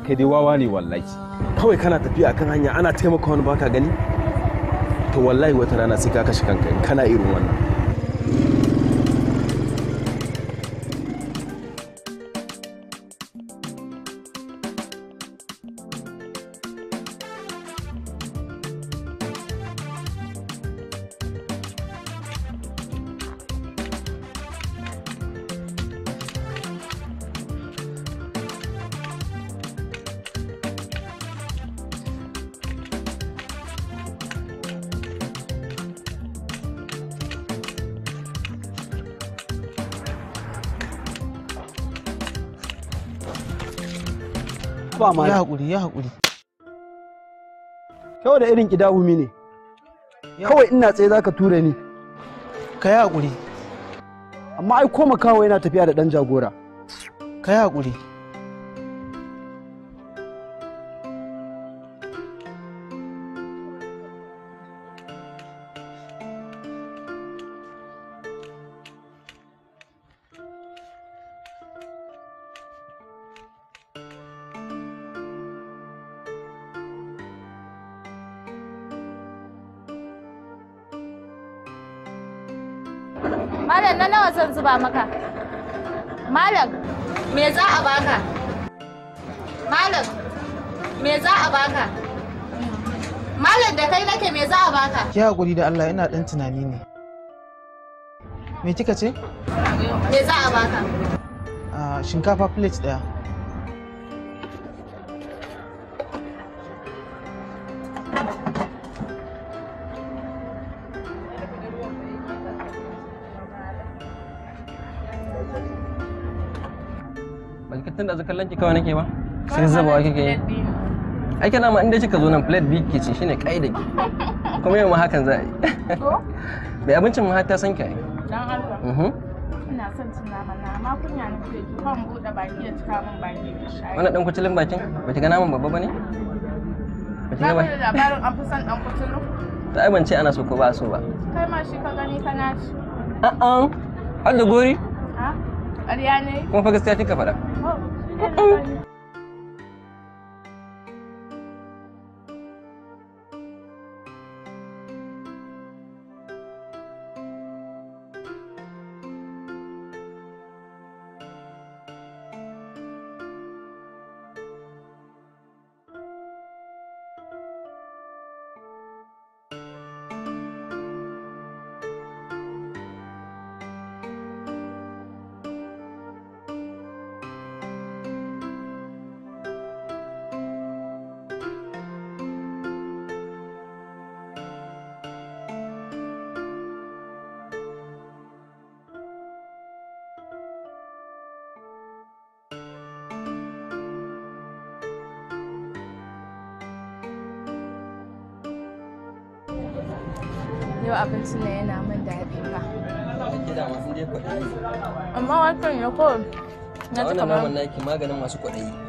kai dai wawa ne wallahi kawai kana tafiya akan hanya ana taimaka wani baka gani to wallahi wata rana sai ka kashe kanka kana irin wannan ba ma ya haƙuri ya haƙuri kawai da irin kidahumi ne kawai ina tsaye zaka tura ni ka yi haƙuri amma ai ko makawa yana tafiya da ɗan jagora ka yi haƙuri zuba maka malam me za a baka malam me za a baka malam da kai nake me za a baka ki hakuri da Allah ina dan tunani ne me kika ce me za a baka ah, shinkafa plate daya yanzu kallon ki kawai nake ba sai zubawa kike yi ai kana ma inda kika zo nan plate big ke ce shine kaida ki kuma yau ma hakan za a yi bai abincin mu har ta san ki ai dan Allah mhm. ina son cin nama na amma kunya na ke ki kan bude baki ya cika min baki da shayi wannan dan kucilin bakin ba ki ga naman babba bane ba ki ga ba labarin an fi son dan kucilin ta ai ban ce ana so ko ba so ba kai ma shi ka gani kana ci a'a Allah gori a ƙarya ne kuma fa gaskiya kika faɗa oh. and abincin da yana min daɗi ba amma wakan ya ko na ji kamar maganin masu kwaɗayi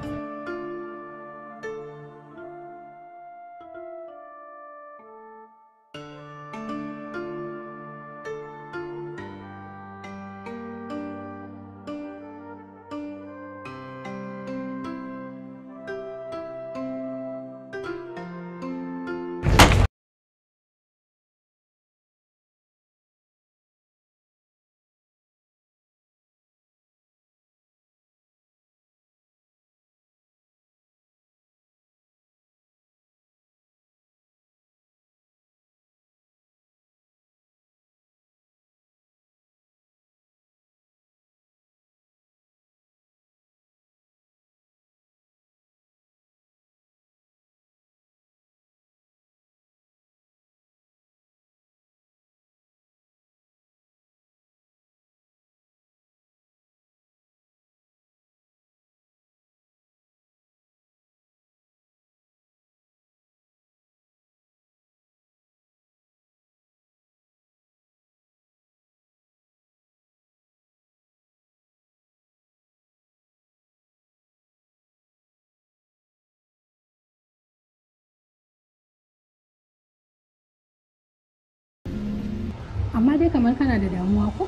amma dai kamar kana da damuwa ko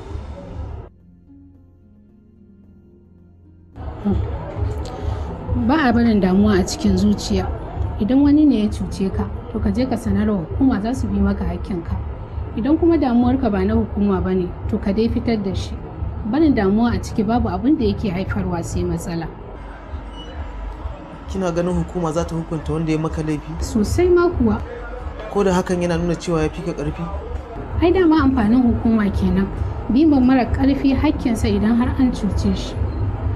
hmm. ba a barin damuwa a cikin zuciya idan wani ne ya cuce ka to ka je ka sanarwa hukuma za su bi maka hakkinka idan kuma damuwarka ba na hukuma ba ne to ka dai fitar da shi barin damuwa a ciki babu abin da yake haifarwa sai matsala kina ganin hukuma za ta hukunta wanda ya maka laifi sosai ma kuwa ko da hakan yana nuna cewa ya fi ka ƙarfi ai dama amfanin hukuma kenan biman mara ƙarfi hakkinsa idan har an cuce shi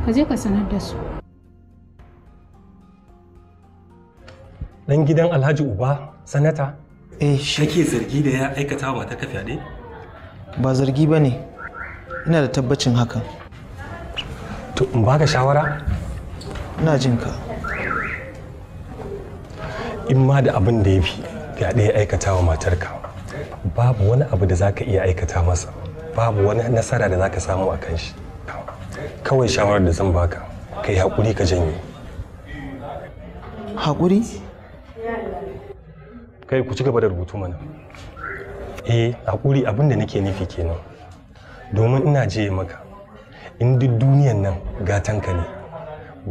ka je ka sanar da su dan gidan alhaji uba sanata eh shi kake zargi da ya aikata ba ta ne ba zargi ba ne ina da tabbacin hakan to in baka shawara ina jin ka in ma da abin da ya fi fyaɗe ya aikata wa matarka babu wani abu da za ka iya aikata masa babu wani nasara da za ka samu a kan shi kawai shawarar da zan baka ka yi haƙuri ka janye haƙuri kai ku ci da rubutu mana eh haƙuri abin da nake nufi kenan domin ina je maka in duk duniyan nan gatanka ne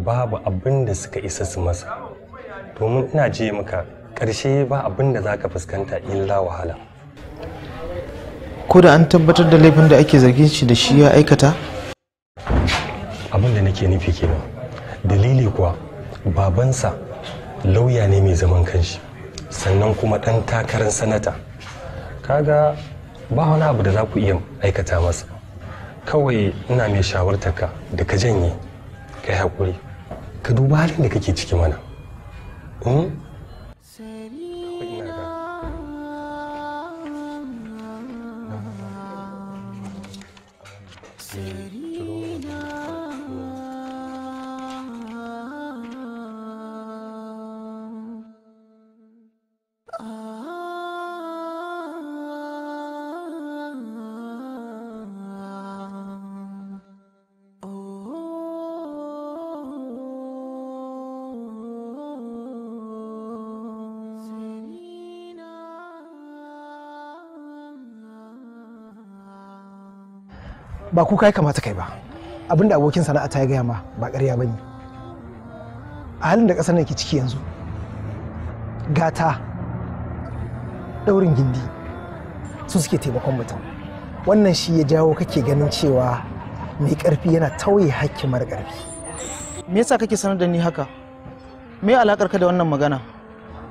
babu abin da suka isa su masa domin ina je maka ƙarshe ba abin da za ka fuskanta illa wahala ko da an tabbatar da laifin da ake zargin shi da shi ya aikata abin da nake nufi kenan dalili kuwa babansa lauya ne mai zaman kanshi sannan kuma ɗan takarar sanata kaga ba wani abu da za ku iya aikata masa kawai ina mai ka da ka janye ka yi haƙuri ka duba halin da kake ciki mana hmm? ba kuka ya kamata kai ba abinda abokin sana'ata ya gaya ma ba ƙarya ba ne a halin da ƙasar ke ciki yanzu gata ɗaurin gindi su suke taimakon mutum wannan shi ya jawo kake ganin cewa mai ƙarfi yana tauye hakkin mara ƙarfi me yasa kake sanar da ni haka me alakar ka da wannan magana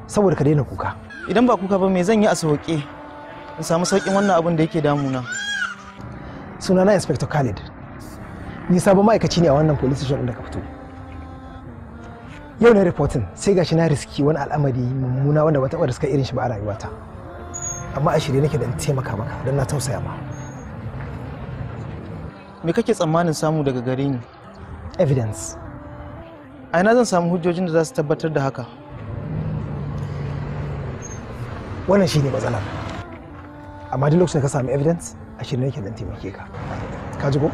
saboda ka daina kuka idan ba kuka ba me zan yi a sauƙe in samu sauƙin wannan abin da yake damuna Suna na inspector khalid ni sabon ma'aikaci ne a wannan police station da ka fito yau ne reportin sai gashi na riski wani al'amari mummuna wanda ba taɓa riska irin shi ba a rayuwata amma a shirye nake da in taimaka maka don na tausaya ma me kake tsammanin samu daga gare ni evidence a ina zan samu hujjojin da za su tabbatar da haka wannan shine matsalar amma duk lokacin da ka samu evidence ashirin yake dan taimake ka ka ji ko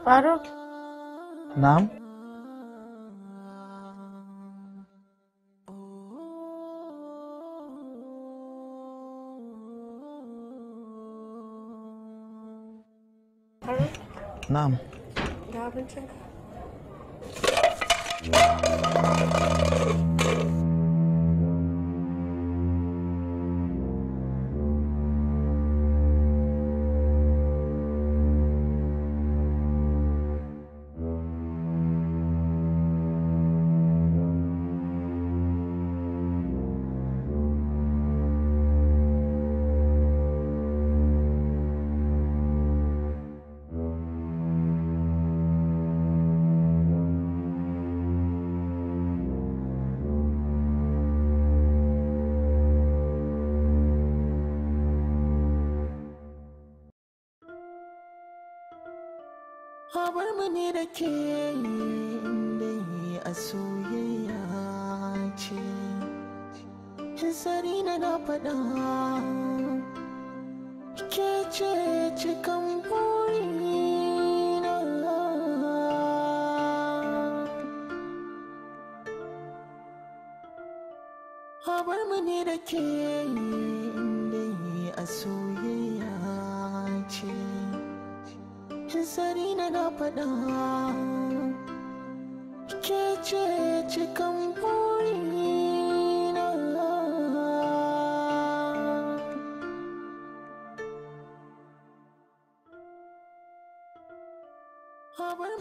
Faruk. Na'am. Na'am. 百分之。bar mu ne da ke dai a soyayya ce sari na na faɗa ke ce cikan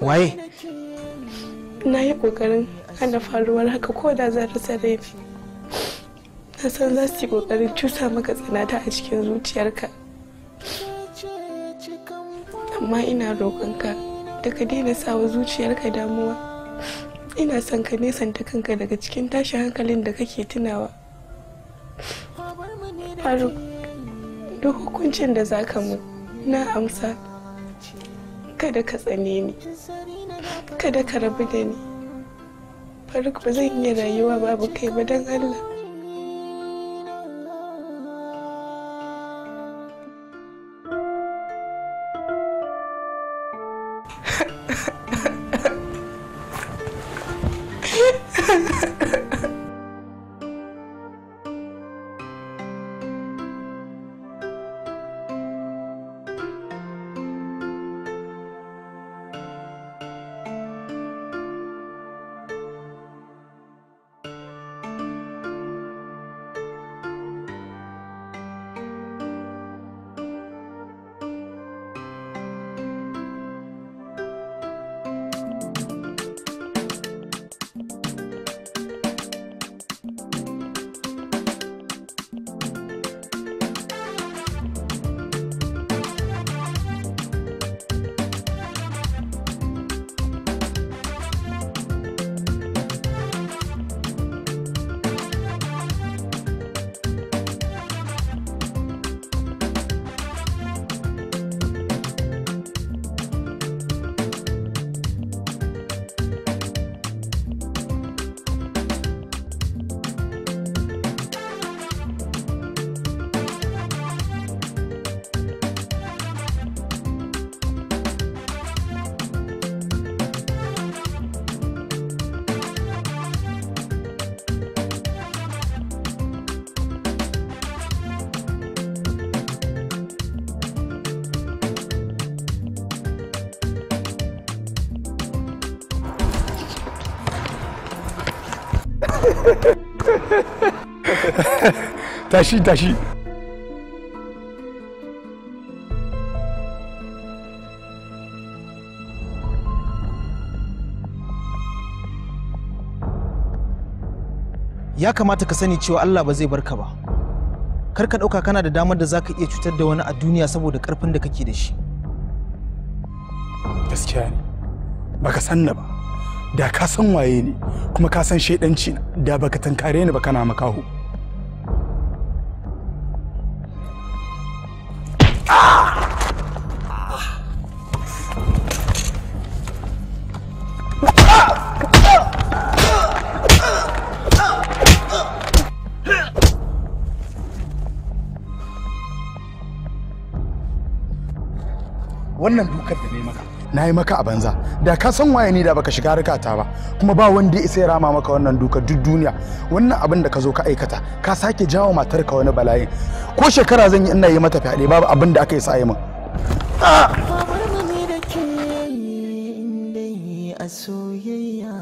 waye na yi kokarin hana faruwar haka ko da za ta sarrafi na san za su yi kokarin cusa maka tsanata a cikin zuciyarka amma ina roƙonka da ka daina sawa zuciyarka damuwa ina son ka nesanta kanka daga cikin tashin hankalin da kake tunawa faruk duk hukuncin da za ka mu na amsa kada ka tsane ni kada ka rabu da ni faruk ba zan iya rayuwa babu kai ba dan allah tashi tashi ya kamata ka sani cewa Allah ba zai bar ka ba kar ka ɗauka kana da damar da za ka iya cutar da wani a duniya saboda karfin da kake da shi gaskiya ne baka san ba da ka san waye ne kuma ka san shaidanci da baka tankare ni ba kana makaho wannan dukar da na yi maka a banza da ka san waye ni da baka shiga rikata ba kuma ba wanda ya isa ya rama maka wannan duka duk duniya wannan abin da ka zo ka aikata ka sake jawo ka wani bala'i ko shekara zan yi ina yi mata fyaɗe babu abin da aka yi sa'ayi min soyayya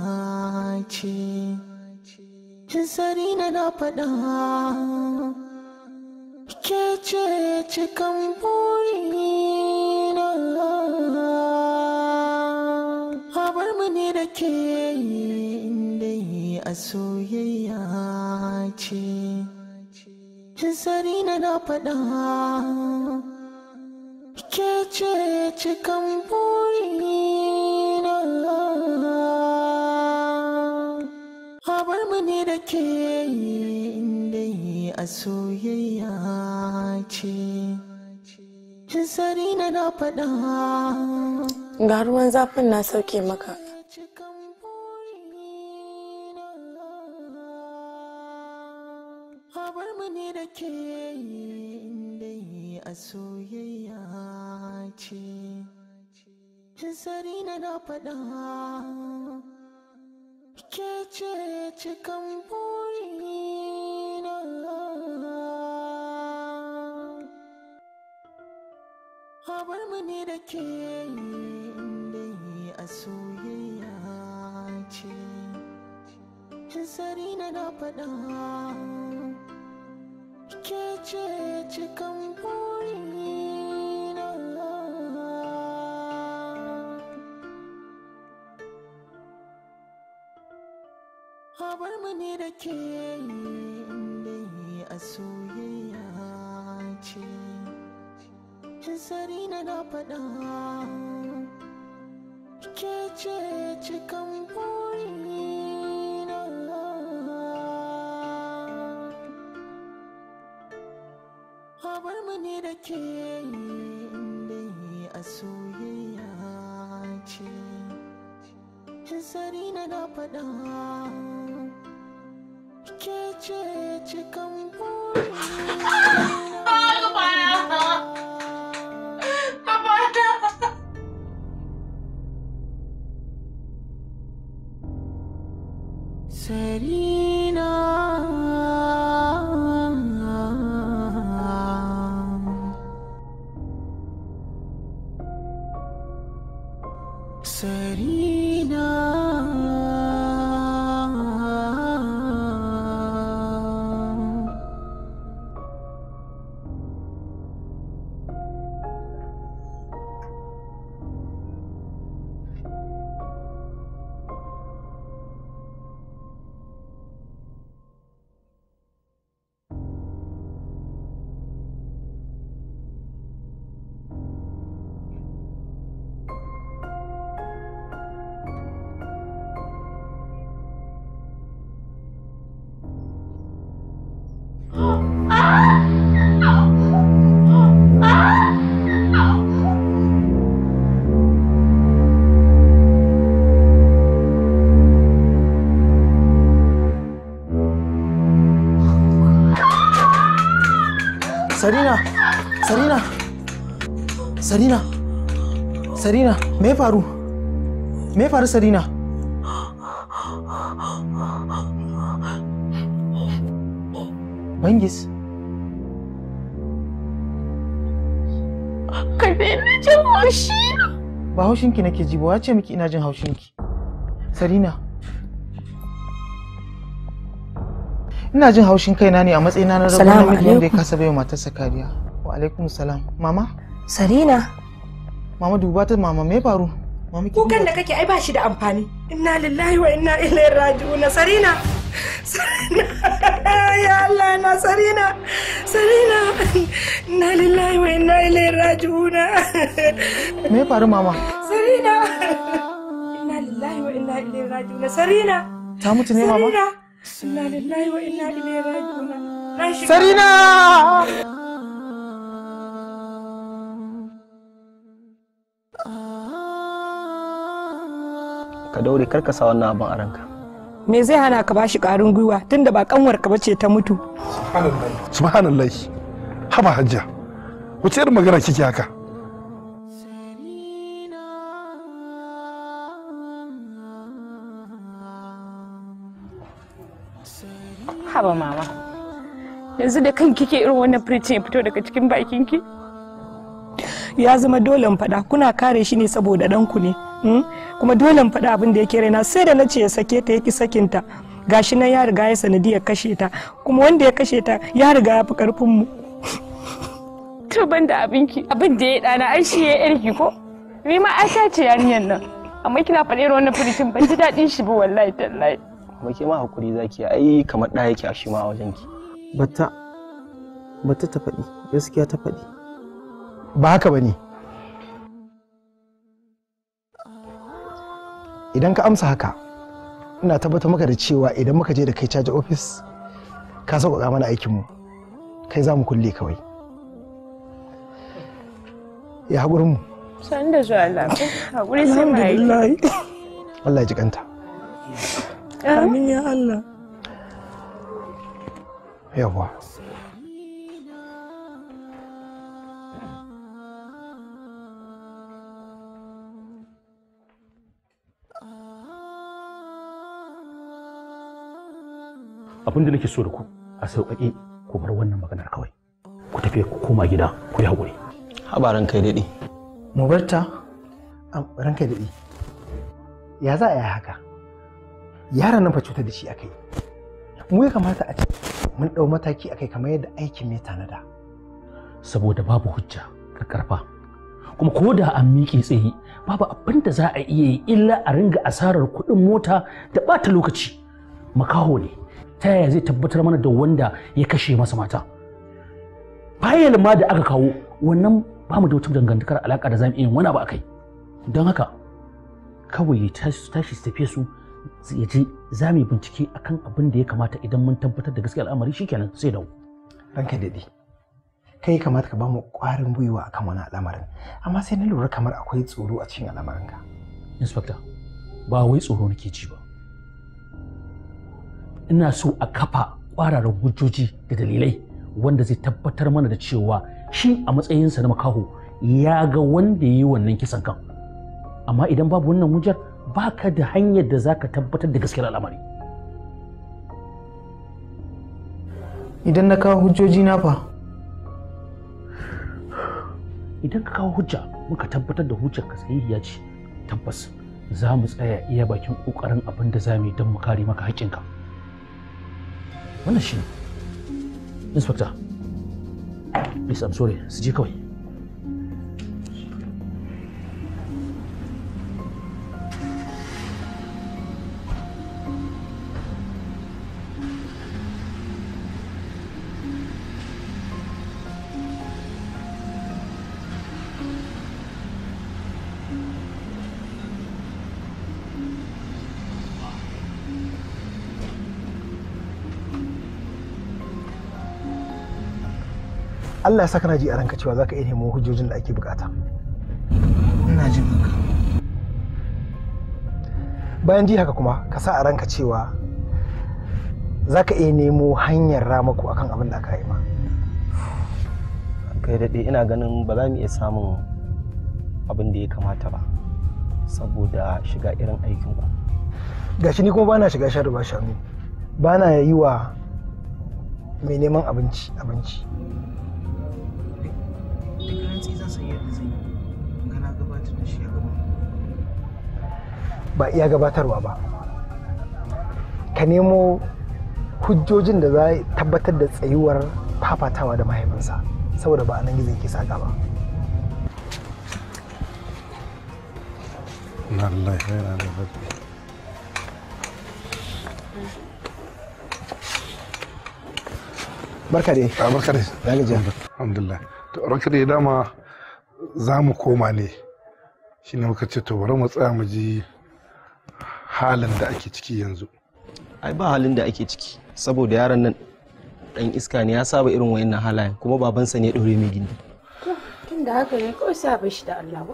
ce sari na na faɗa ke ce cikan burina ke yi indai a soyayya ce sari na na faɗa ke ce cikan buri na mu ne da ke yi indai a soyayya ce sari na na faɗa Ga ruwan zafin na sauke maka cikan burina abar mu ne da ke dai a soyayya ce Sari na na faɗa ke ce cikan burina abar mu ne da ke dai a soyayya ce Hinsari na na faɗa Ke ce cikin burina Habar mu ne da ke inda a soyayya ce Hinsari na na faɗa Ke ce cikin Up and down. Sarina! Sarina, me faru? Me faru Sarina? Bangis. Ka daina jin haushi. Ba haushinki nake ji ba, wace miki ina jin haushinki. Sarina. Ina jin haushin kaina ne a matsayina na rabu namiji wanda ya kasa bai matarsa kariya. Wa alaikum salam. Mama? Sarina. Mama duba ta mama me faru? Mama Kukan da kake ai ba shi da amfani. Inna lillahi wa inna ilaihi raji'un. Sarina. Sarina. ya Allah na Sarina. Sarina. Inna lillahi wa inna ilaihi raji'un. Me faru mama? Sarina. Inna lillahi wa inna ilaihi raji'un. Sarina. Ta mutu ne mama? Sarina. Inna lillahi wa inna ilaihi raji'un. Sarina. ka daure kar ka sa wannan abin a ranka me zai hana ka bashi karin gwiwa tunda ba kanwar ka bace ta mutu subhanallahi haba hajja wace irin magana kike haka haba mama yanzu da kan kike irin wannan firicin ya fito daga cikin bakinki ya zama dole faɗa kuna kare shi ne saboda ɗanku ne hmm? kuma dole in faɗi abin da yake raina sai da na ce ya sake ta yaki sakinta gashi nan ya riga ya sanadiyar kashe ta kuma wanda ya kashe ta ya riga ya fi karfin mu to ban da abinki abin da ya dana ai shi ya yarki ko ni ma ai ta ce yaniyan nan amma kina faɗi wannan furicin ban ji dadin shi ba wallahi tallahi ba ke ma hakuri zaki ai kamar ɗaya yake a shi ma a wajen ki bata bata ta faɗi gaskiya ta faɗi ba haka bane idan ka amsa haka ina tabbatar maka da cewa idan muka je da kai caji ofis ka sauƙaƙa mana aikin mu kai za mu kulle kawai ya mu san da zuwa Allah haƙuri sai mai aiki Allah ya ji kanta amin ya Allah yawwa abin da nake so da ku a sauƙaƙe ku bar wannan maganar kawai ku tafi ku koma gida ku yi haƙuri habaran kai daɗi mu ran kai daɗi ya za a yi haka yaran nan fa cutar da shi akai mu ya kamata a ce mun ɗau mataki akai kamar yadda aikin mai tanada saboda babu hujja karkarfa kuma ko da an miƙe tsaye babu abin da za a iya yi illa a ringa asarar kuɗin mota da ɓata lokaci makaho ne ta yaya zai tabbatar mana da wanda ya kashe masa mata bayan ma da aka kawo wannan ba mu da wata dangantakar alaka da zamu iya wani ba akai don haka kawai ya tashi su tafiye su ya je za mu bincike akan abin da ya kamata idan mun tabbatar da gaskiya al'amari shikenan sai dawo ranka daɗi kai kamata ka ba mu ƙwarin gwiwa akan wani al'amarin amma sai na lura kamar akwai tsoro a cikin al'amarinka inspector ba wai tsoro nake ci ba ina so a kafa kwararar hujjoji da dalilai wanda zai tabbatar mana da cewa shi a matsayinsa na makaho ya ga wanda ya yi wannan kisan kan amma idan babu wannan hujjar baka da hanyar da zaka tabbatar da gaskiyar al'amari idan na kawo hujjoji na fa idan ka kawo hujja muka tabbatar da hujjar ka sahihiya ce tabbas za mu tsaya iya bakin kokarin abin da za mu yi don mu kare maka haƙƙinka. ka wannan shi inspector please i'm sorry su je kawai Allah ya saka na ji a ranka cewa zaka iya nemo hujjojin da ake bukata ina jin haka bayan ji haka kuma ka sa a ranka cewa zaka iya nemo hanyar ramako akan abin da aka yi ma kai daɗe ina ganin ba za mu iya samun abin da ya kamata ba saboda shiga irin aikin ku gashi ni kuma bana shiga sha ba shanu bana yi wa mai neman abinci abinci rantsi zan san yadda zai yi na gabatar da shi a gaban ba iya gabatarwa ba ka nemo hujjojin da za a tabbatar da tsayuwar fafatawa da mahaifinsa saboda ba a nan gizo yake saka ba barka dai barka dai alhamdulillah ranka da dama za mu koma ne shi ne muka ce to bari mu tsaya mu ji halin da ake ciki yanzu ai ba halin da ake ciki saboda yaron nan dan iska ne ya saba irin nan halayen kuma babansa ne dore mai gindi tun da haka ne kawai sa bashi shi da Allah ba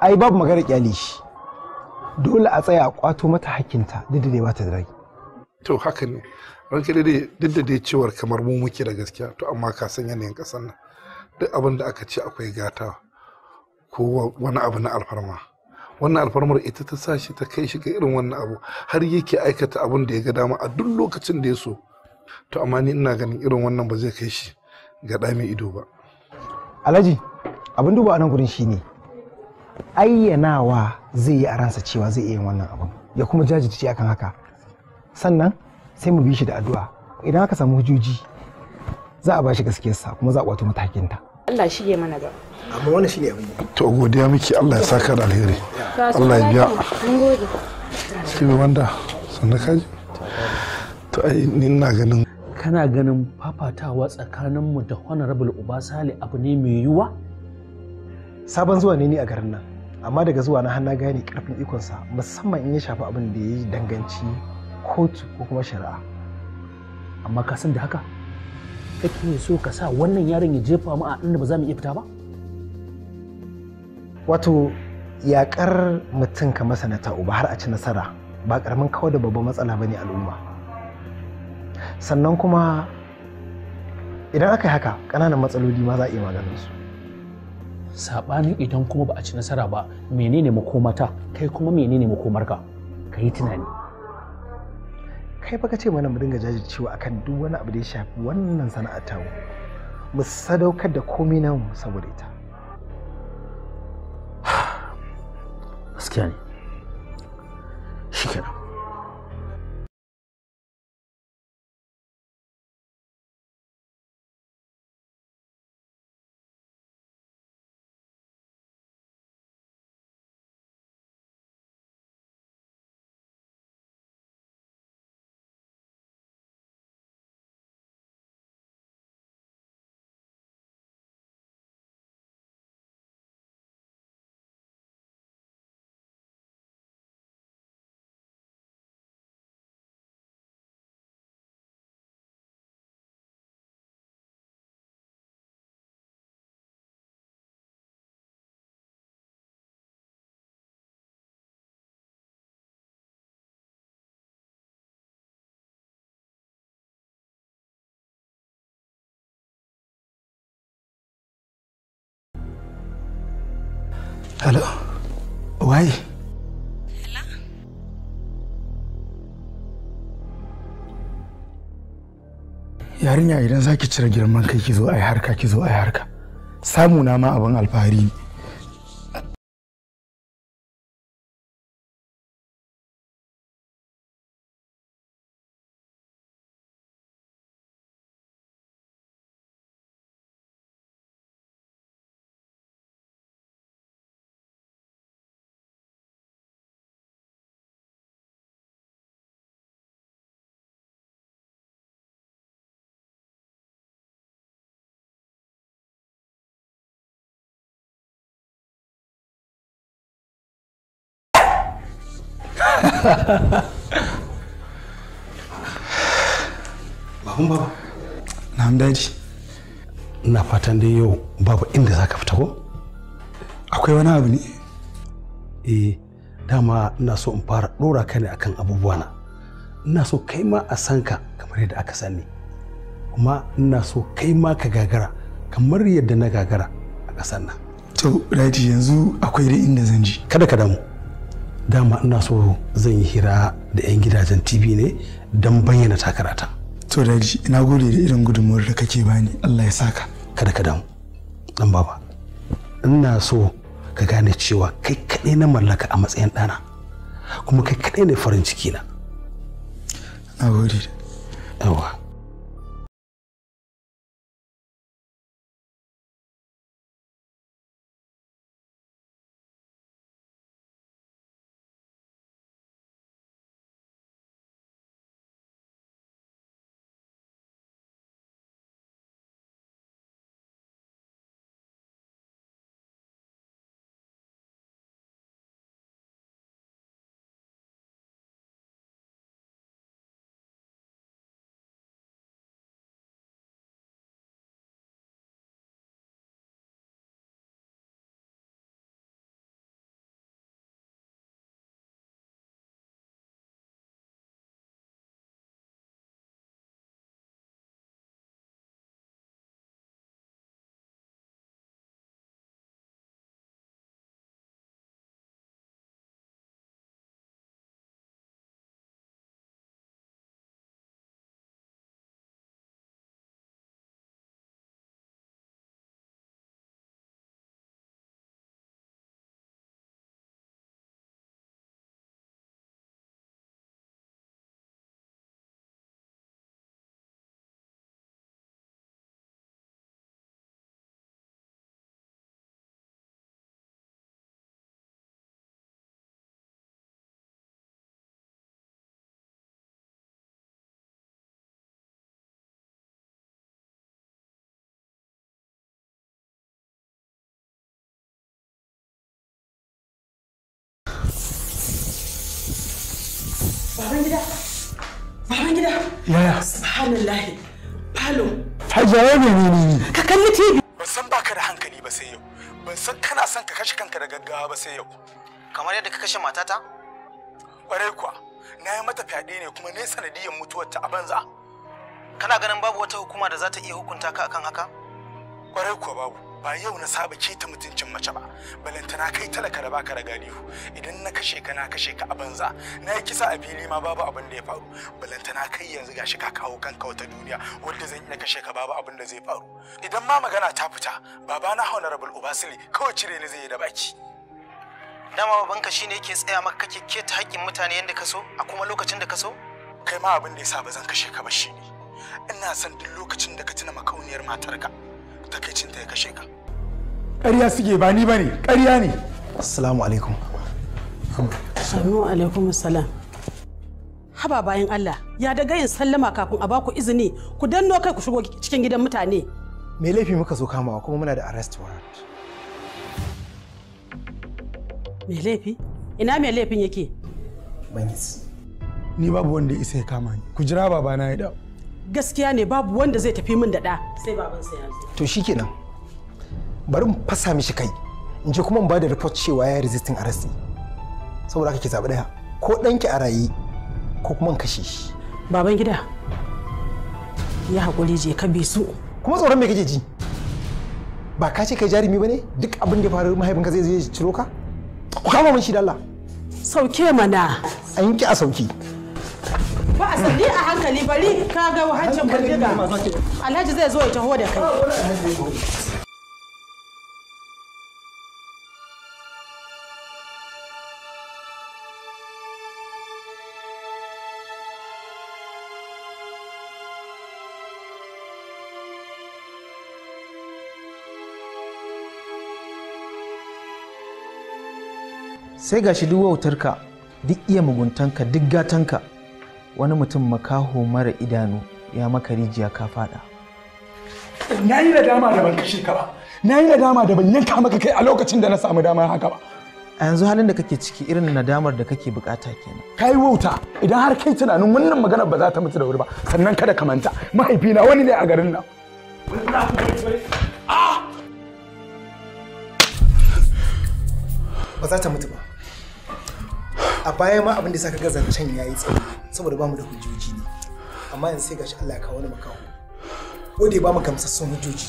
ai babu magana kyale shi dole a tsaya a kwato mata hakinta duk da dai ba ta da rai to haka ne ranka dai duk da dai cewar kamar mu muke da gaskiya to amma ka san yanayin kasan nan duk abin da aka ce akwai gata ko wani abu na alfarma wannan alfarmar ita ta sa shi ta kai shi ga irin wannan abu har yake aikata abin da ya ga dama a duk lokacin da ya so to amma ni ina ganin irin wannan ba zai kai shi ga da mai ido ba alhaji abin duba a nan gurin shine ayyanawa zai yi a ransa cewa zai iya yin wannan abin ya kuma jajirce akan haka sannan sai mu bi shi da addu'a idan aka samu hujjoji za a ba shi gaskiyarsa kuma za a kwato matakinta Allah shige mana ba. amma wannan shine abin to godiya miki Allah ya saka da alheri Allah ya biya mun gode shi ne wanda sannan kaji to ai ni ina ganin kana ganin fafatawa tsakanin mu da honorable Sale abu ne mai yuwa? sabon zuwa ne ni a garin nan amma daga zuwa na hannu gane karfin ikonsa musamman in ya shafi abin da ya yi danganci kotu ko kuma shari'a amma ka san da haka kake so ka sa wannan yaron ya jefa mu a inda ba za mu iya fita ba wato yakar mutum kamar ta, uba har a ci nasara ba karamin kawai da babban matsala bane al'umma sannan kuma idan aka yi haka ƙananan matsaloli ma za a iya maganin su saɓanin idan kuma ba a ci nasara ba menene makomata kai kuma menene makomarka ka yi tunani kai fa ce mana mu dinga jajircewa akan duk wani abu da ya shafi wannan sana'a ta mu sadaukar da komai namu saboda ita gaskiya ne shikenan Hello. Why? Yarinya idan zaki cire girman kai kizo zo ai harka ki ai harka. Samu na ma abin alfahari ne. Babun baba. Na'am daji. Ina fatan dai yau babu inda zaka ka fita ko? Akwai wani abu ne? Eh, dama ina so in fara ɗora ka ne akan na Ina so kai ma a san ka kamar yadda aka sani. Kuma ina so kai ma ka gagara kamar yadda na gagara a ƙasar nan. To, Daji yanzu akwai dai inda zan ji. Kada ka damu. dama ina so zan yi hira da 'yan gidajen tv ne don bayyana takarata to da ina gode da irin gudunmuwar da kake bani allah ya saka kada ka damu dan baba ina so ka gane cewa kai kaɗai na mallaka a matsayin ɗana kuma kai kaɗai ne farin ciki na na gode yawa Baban gida. Yaya. Subhanallah. Falo. Hajaye ne ne ne. Ka kalli TV. Ban san baka da hankali ba sai yau. Ban san kana son ka kashe kanka da gaggawa ba sai yau. Kamar yadda ka kashe matata? Ƙwarai kuwa. Na yi mata fyaɗe ne kuma ne sanadiyyar mutuwarta a banza. Kana ganin babu wata hukuma da za ta iya hukunta ka akan haka? Ƙwarai kuwa babu. ba yau na saba keta mutuncin mace ba balantana kai talaka da baka da galihu idan na kashe ka na kashe ka a banza na yi kisa a fili ma babu abin da ya faru balantana kai yanzu gashi ka kawo kanka wata duniya wanda zan iya kashe ka babu abin da zai faru idan ma magana ta fita baba na honorable ubasili kawai cire ni zai yi da baki dama babanka shine yake tsaya maka kake ta haƙƙin mutane yadda ka so a kuma lokacin da ka so kai ma abin da ya sa ba zan kashe ka ba shine ina son duk lokacin da ka tuna makauniyar matarka takaicinta ya kashe ka ƙarya suke ba ni bane ƙarya ne assalamu alaikum assalamu alaikum assalam haba bayan Allah ya daga yin sallama kafin a baku izini ku danno kai ku shigo cikin gidan mutane me laifi muka zo kamawa kuma muna da arrest warrant me laifi ina me laifin yake ban ni babu wanda ya isa ya kama ni ku jira babana ya dawo gaskiya ne babu wanda zai tafi min da ɗa sai babansa ya zo to shikenan bari mu fasa mishi kai in je kuma mu bada report cewa ya resisting arrest saboda haka ki zabi daya ko ɗanki a raye ko kuma kashe shi baban gida ya hakuri je ka bi su kuma tsoron me kake ji ba ka ce kai jarumi bane duk abin da faru mahaifinka zai zai ciro ka ku kama mun shi da Allah sauke mana an ki a sauki ba a sani a hankali bari ka ga hajjin bindiga alhaji zai zo ya taho da kai sai gashi duk wautarka duk iya muguntanka duk gatanka wani mutum makaho mara idanu ya maka rijiya ka fada na yi nadama da ban kashe ka ba na yi nadama da ban yanka maka kai a lokacin da na samu damar haka ba a yanzu halin da kake ciki irin nadamar da kake bukata kenan kai wauta idan har kai tunanin wannan magana ba za ta mutu da wuri ba sannan kada ka manta mahaifina wani ne a garin nan ba za ta mutu ba a baya ma abin da saka ga zancen yi tsaye saboda ba mu da hujjoji ne amma yanzu sai gashi Allah ya kawo wani makaho wanda ya ba mu gamsassun hujjoji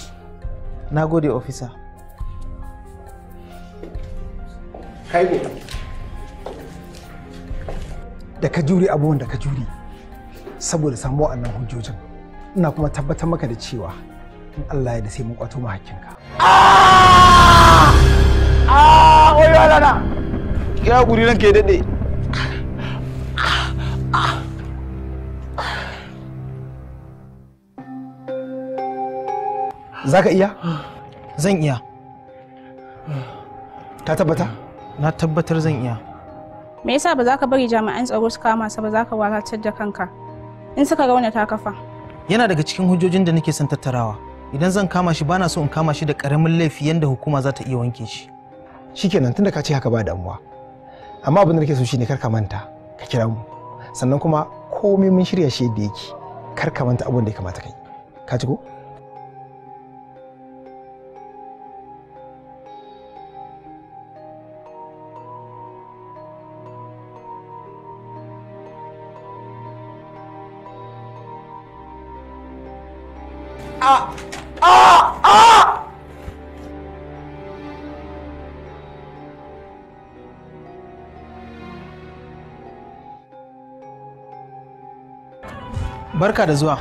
na gode ofisa kai go da ka jure abubuwan da ka jure saboda samu wa'annan hujjojin ina kuma tabbatar maka da cewa in Allah ya da sai mun kwato mu hakkinka ah ah oyo lana ya guri nan ke dade za iya zan iya ka tabbata na tabbatar zan iya me yasa ba za ka bari jami'an tsaro su kama sa ba za ka walatar da kanka in suka ta kafa yana daga cikin hujjojin da nake son tattarawa idan zan kama shi bana so in kama shi da karamin laifi yanda hukuma za ta iya wanke shi shikenan tunda ka ce haka ba damuwa amma abin da nake so shine kar ka manta ka kira mu sannan kuma komai mun shirya shi yadda yake kar ka manta abin da ya kamata kai ka ci ko barka da zuwa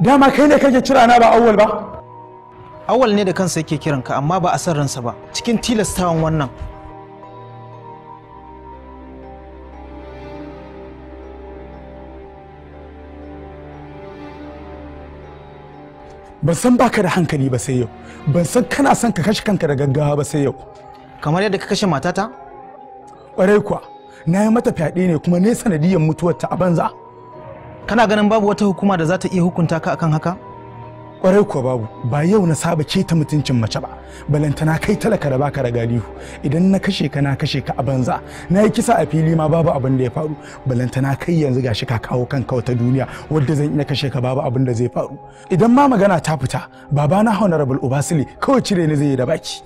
dama kai ne kake kira na ba awwal ba awwal ne da kansa yake kiran ka amma ba a san ransa ba cikin tilastawan wannan ban san baka da hankali ba sai yau ban san kana son ka kashe kanka da gaggawa ba sai yau kamar yadda ka kashe matata ƙwarai kuwa na yi mata fyaɗe ne kuma ne sanadiyar mutuwarta a banza kana ganin babu wata hukuma da za ta iya hukunta ka akan haka kwarai kuwa babu ba yau na saba keta mutuncin mace ba balantana kai talaka da baka da galihu idan na kashe ka na kashe ka a banza na yi kisa a fili ma babu abin da ya faru balantana kai yanzu gashi ka kawo kanka wata duniya wadda zan iya kashe ka babu abin da zai faru idan ma magana ta fita baba na honorable obasili kawai cire ni zai yi da baki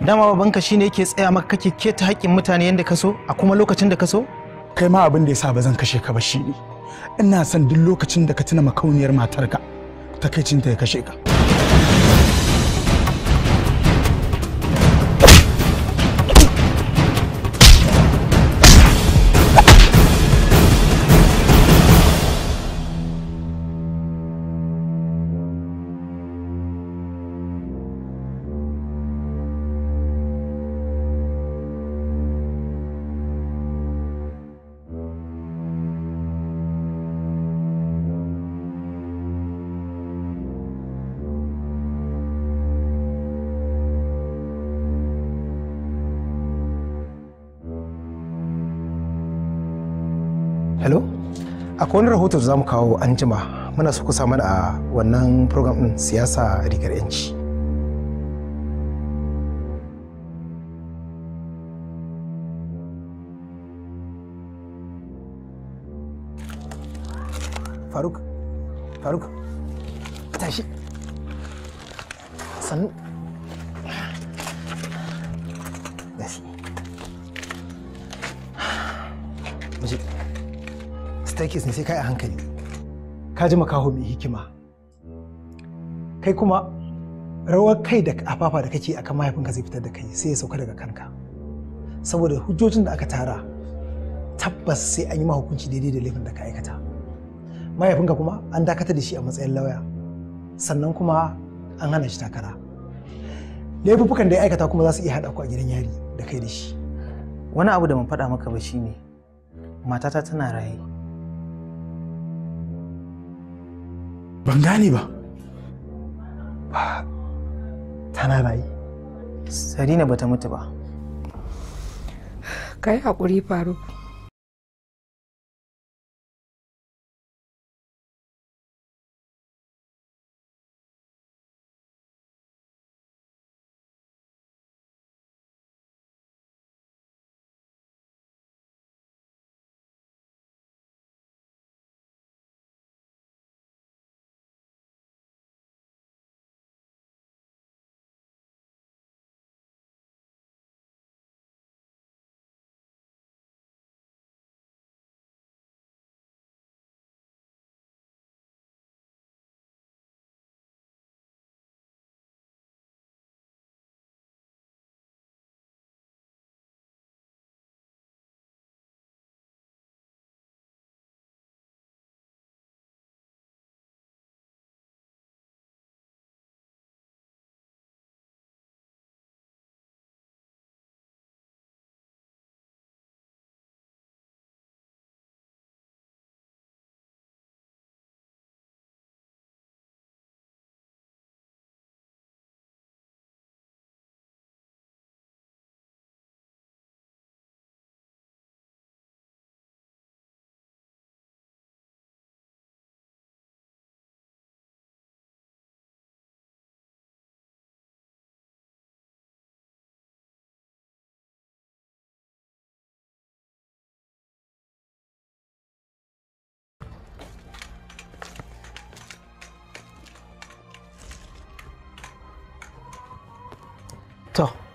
dama babanka shine yake tsaya maka kake keta haƙƙin mutane yadda ka so a kuma lokacin da ka so kai ma abin da ya sa ba zan kashe ka ba shi ne ina son duk lokacin da ka tuna makauniyar matarka ta kai cinta ya kashe ka hello akwai wani rahoto za mu kawo an jima muna so kusa mana a wannan program din siyasa rigar yanci faruk faruk tashi sannu staircase ne sai kai a hankali ka ji makaho mai hikima kai kuma rawar kai da afafa da kake akan mahaifinka zai fitar da kai sai ya sauka daga kanka saboda hujjojin da aka tara tabbas sai an yi mahukunci daidai da laifin da ka aikata mahaifinka kuma an dakatar da shi a matsayin lauya sannan kuma an hana shi takara laifuffukan da ya aikata kuma za su iya haɗa ku a gidan yari da kai da shi wani abu da ban faɗa maka ba shine matata tana raye ban gane ba tana rayu sarina bata mutu ba kai haƙuri faru.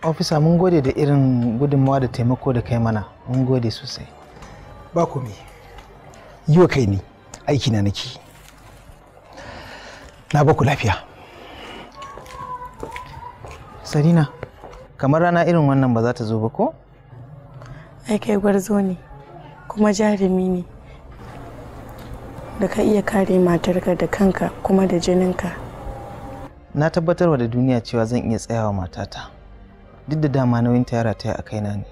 ofisa mun gode da irin gudunmawa da taimako da kai mana mun gode sosai ba komi yi wa kai ne aiki na nake na ba ku lafiya sarina kamar rana irin wannan ba za ta zo ba ko ai kai gwarzo ne kuma jarumi ne da ka iya kare matarka da kanka kuma da jininka na tabbatarwa da duniya cewa zan iya tsayawa matata duk da dama nauyin ta yara ta a kaina ne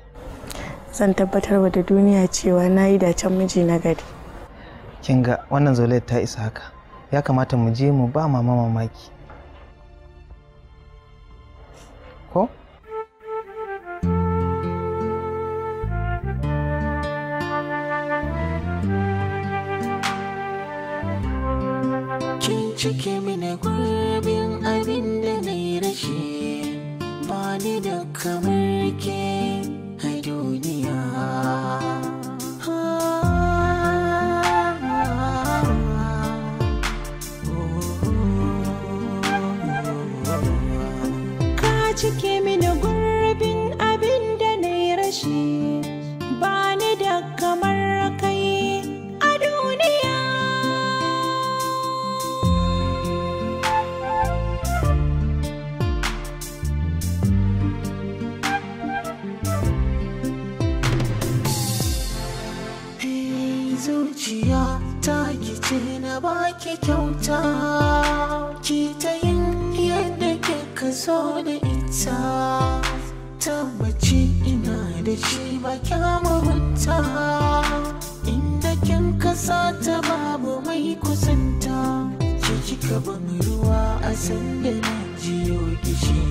zan tabbatar da duniya cewa na yi dacen miji na gari kin ga wannan zolayar ta isa haka ya kamata mu je mu ba mama mamaki ko chicken ki kyauta ki ta yin yadda ka zo da ita tabbaci ina da shi ba kyamurta inda kin kasa ta babu mai kusanta ki kika ruwa a sanda na jiyo gishi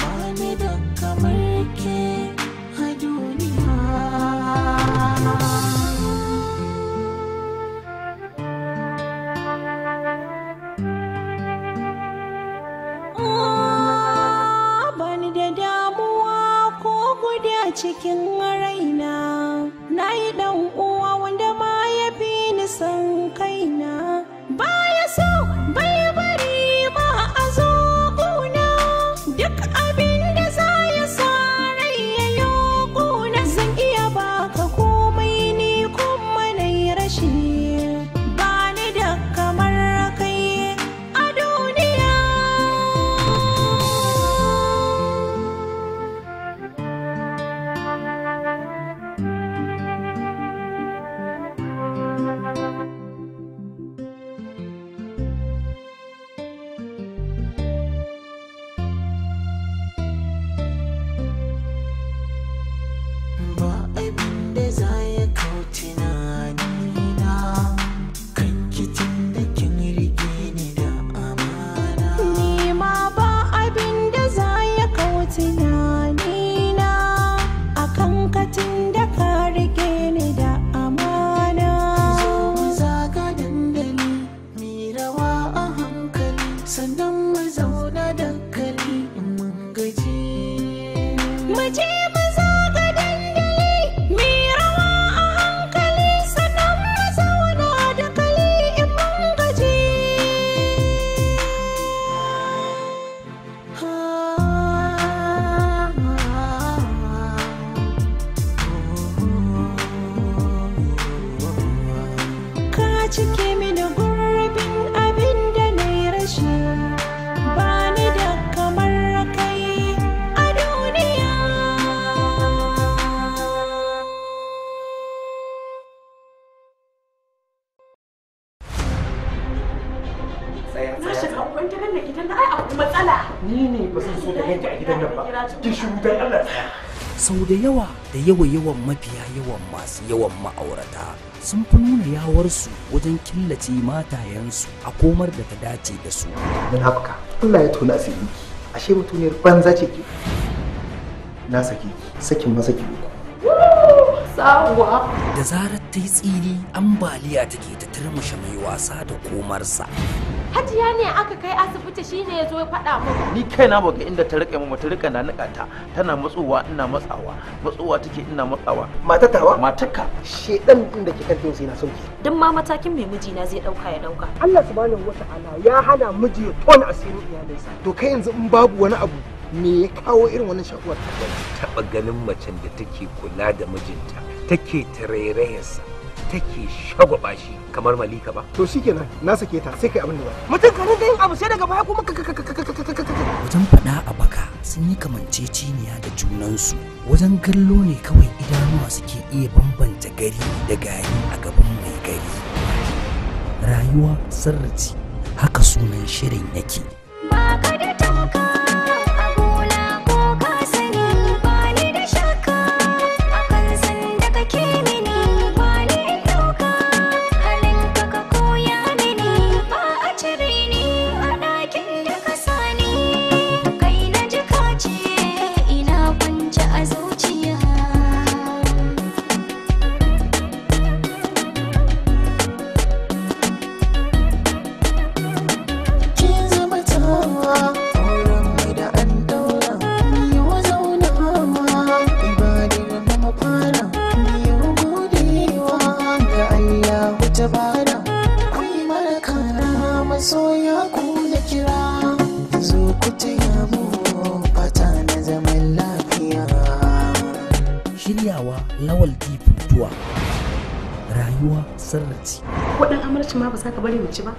ba ni da kamar ke dan Allah sau da yawa da yawa yawan mafiya yawan masu yawan ma'aurata sun fi nuna yawarsu wajen killace matayensu a komar da ta dace da su. na Munafuka, Allah ya tona asirin ki, ashe mutuniyar banza ce ke, Na saki, sakin maza ki uku. Da zarar ta yi tsiri ambaliya take ta turmushe mai wasa da komarsa. hajiya ne aka kai asibiti shine ya zo ya faɗa mu ni kai na ga inda ta rike mu ta rika na nika ta tana matsowa ina matsawa matsowa take ina matsawa matatawa matarka shedan din da ke kan sai na sauki duk ma matakin mai miji na zai dauka ya dauka Allah subhanahu wataala ya hana miji ya tona asirin sa to kai yanzu in babu wani abu me ya kawo irin wannan shakuwar taɓa ganin macen da take kula da mijinta take tarairayarsa take shagwaba shi kamar malika ba to shikenan na sake ta sai kai abin da ba mutum ka rinka yin abu sai daga baya kuma wajen faɗa a baka sun yi kamanceceniya da junansu wajen gallo ne kawai idanuwa suke iya bambanta gari da gari a gaban mai gari rayuwa sirri haka sunan shirin yake ba ka da tamka abinci ba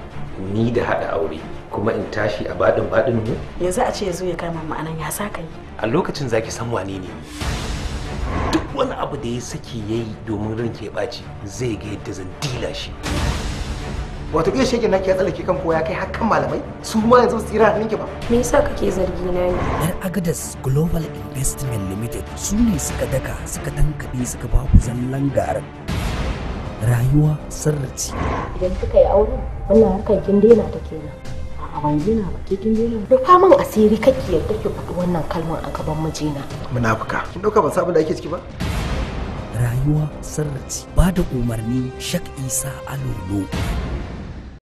ni da haɗa aure kuma in tashi a baɗin baɗin mu yanzu a ce ya zo ya kama ma'anan ya sa ka yi a lokacin zaki san wane ne duk wani abu da ya saki yi domin ke ɓaci zai ga yadda zan dila shi wato iya shege na ke tsallake kan koya kai hakan malamai su ma yanzu su tsira hannunki ba me yasa kake zargi na ne yar agadas global investment limited su ne suka daka suka tankaɗe suka ba ku zallan garin rayuwa sarrace idan kika yi aure wannan harkar kin daina ta kenan a ban daina ba ke kin daina da kaman asiri kake yadda ki faɗi wannan kalmar a gaban mijina munafuka kin dauka ba sabon da ake ciki ba rayuwa sarrace ba da umarni shak isa alolo